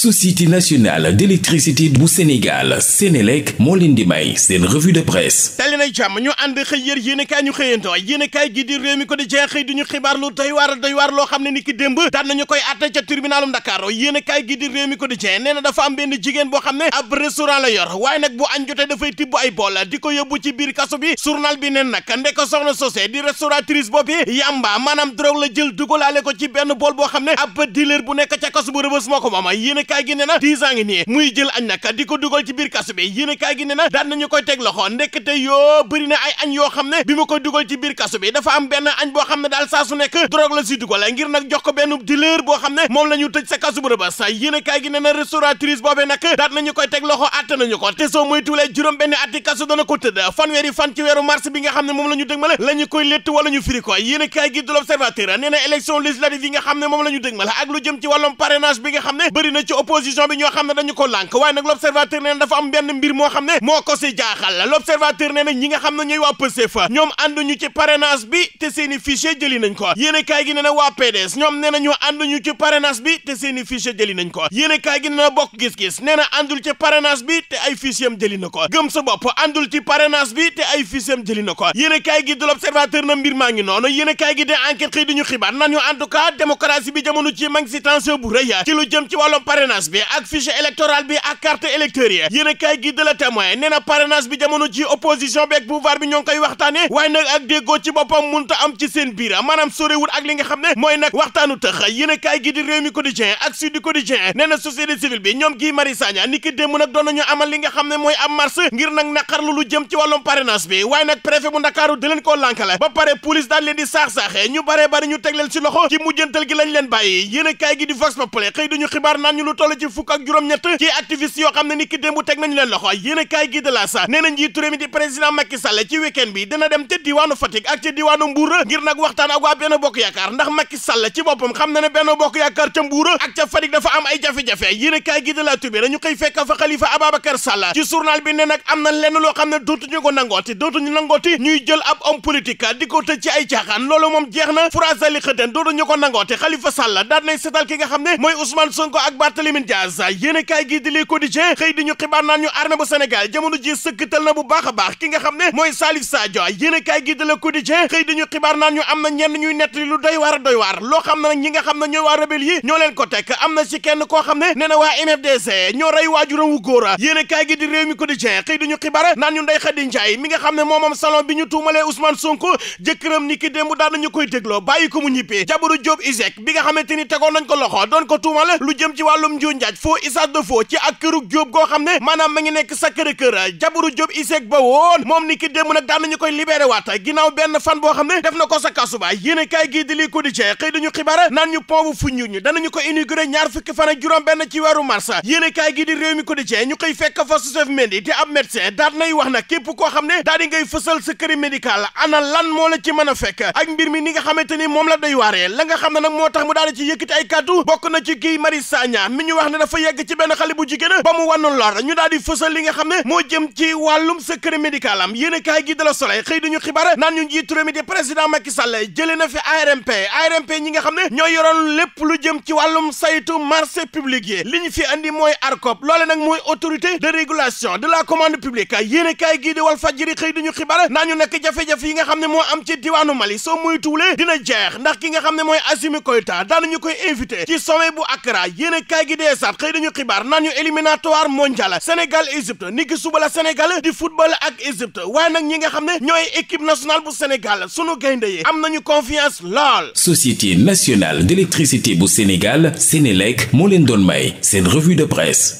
société nationale d'électricité bu Sénégal Sénélec moo leen di may seen revue de presse tali nay jàmm ñu ànd xëy yér yéenekaay ñu xëyantoo yéenekaay gi di réew mi ko di jeex xëy di ñu xibaar lu doy waar doy loo xam ne ni ki démb daan nañu koy àtte ca tribunalum Dakar yéenekaay gi di réew mi ko na dafa am benn jigéen waaye nag bu añ jotee dafay tibb ay bool di ko yóbbu ci biir kaso bi journal bi ne nag ndeko soxna sosé di restauratrice boppi yamba maanaam drogue la jël dugalaale boo xam ne ab dealer bu kaa gi ne na dix ans ngi nii muy jël añ nag di ko dugal ci biir kaso bi yéen kaay gi ne na daan nañu koy yoo bëri na ne bi ma koy boo xam ne daal saa su nekk boo xam ne moom la ñu tëj sa kaso bu Rebeuss yéen kaay gi ne na restauratrice boobee nga xam ne moom la ñu dëgmale la ñu nga xam ne moom la ñu ak lu jëm ci wàllum parrainage bi nga xam ne bëri na ci opposition bi ñoo xam ne dañu ko lànk waaye nag l'observateur nee na dafa am benn mbir moo xam ne moo ko na ñi nga xam ne ñooy waa Pastef ñoom ànduñu ci nañ ko yéene kaay gi nee na waa ñoom nee na ñoo ànduñu ci parrainage bi te seeni fichier jëli ko yéene kaay na bokk gis nee na àndul bi te na ko gëm sa bopp àndul ci parrainage bi te ay fichier na ko yéene kaay gi du l'observateur na mbir maa ngi noonu yéene kaay gi de enquête xëy duñu xibaar nañu en tout cas démocratie bi jamono ci ma ngi si tension bu rëy ci lu jëm ci wàllum parrainage parrainage bi ak fichier électoral bi ak carte électeur yi yéen a gi de la témoin nee bi jamono ji opposition bi ak bi ñoo ngi koy waxtaane waaye nag ak déggoo ci boppam munta am ci seen biir maanaam soriwul ak li nga xam ne mooy nag waxtaanu tëx yéen a gi di réew mi quotidien ak sud du quotidien nee na bi ñoom gii Mari Sagna ni ki nag doon nañu amal li nga xam ne mooy am mars ngir nag naqarlu lu jëm ci wàllum parrainage bi waaye nag préfet toll ci fukk ak juróom-ñett ci activiste yoo xam ne ni ki démbu teg nañu leen loxo yéen a kaay gi de la sa nee di président Macky Sall ci week bi dina dem te diwaanu Fatick ak ci diwaanu Mbour ngir nag waxtaan ak waa Benno Bokk Yaakaar ndax Macky Sall ci boppam xam na ne Benno Bokk Yaakaar ca Mbour ak ca Fatick dafa am ay jafe-jafe yéen kaay gi de la tubé koy fekk fa Khalifa Ababacar Sall ci journal bi ne nag am na lenn loo xam ne Barthélémy Dias yéenekaay gi di Le Quotidien xëy di ñu xibaar naan ñu armée bu a baax ki nga xam ne mooy Salif Sadio yéenekaay gi di Le Quotidien xëy di ñu xibaar naan ñu am na ñenn lu doy waar a doy waar loo xam ne nag ñi nga ñoo leen ko teg am na ci kenn koo xam ne nee na waa MFDC ñoo rey waajuram wu góor yéenekaay ni ki démb daan nañu ko mu ñibbee jabaru Diop Isaac bi doon ko tuumal lu jëm ci wàllum Njuuñ Njaaj foo Issa Defo ci ak këru Jóob goo xam ne maanaam ma ngi nekk Sacré-Cœur jabaru Jóob Iseg ba woon moom ni ki démb nag daan nañu koy libéré waat ginnaaw benn fan boo xam ne def na ko sa kasuba yéen kaay gii di lii ko di cee xëy dañu xibaar naan ñu pont bu Foundiougne danañu ko inauguré ñaar fukki fan juróom benn ci weeru mars yéen kaay gii di réew mi ko di cee ñu koy fekk fa Joseph Mendy ab médecin daat wax nag képp koo xam ne daa di ngay fësal sa kër la ci mën a fekk ak mbir nga xamante ni moom la doy waaree la nga xam moo tax mu daal ci yëkkati ay ñu wax ne dafa yegg ci benn xale bu jigéen ba mu wànnoon lor ñu daal di fësal li nga xam ne moo jëm ci wàllum secret médical am yéen a kaay gi de la Soleil xëy dañu xibaar naan ñu njiitu réew mi di président Macky Sall jëlee na fi ARMP ARMP ñi nga xam ne ñoo yoroon lépp lu jëm ci wàllum saytu marché public yi li ñu fi andi mooy ARCOP loole nag mooy autorité de régulation de la commande publique yéen a kaay gi di Walf Fadjri xëy dañu xibaar naan ñu nag jafe-jafe yi nga xam ne moo am ci diwaanu Mali soo muy tuulee dina jeex ndax ki nga xam ne mooy Assimi Goïta daanañu koy invité ci sommet bu a gi xëy dañu xibaar naan ñu éliminatoire mondial Sénégal Égypte ni ki Sénégal di football ak Égypte waa nag ñi nga xam ne ñooy équipe nationale bu Sénégal sunu gaynde yi am nañu confiance lool. Société nationale d'électricité bu Sénégal Sénélec moo leen doon may seen revue de presse.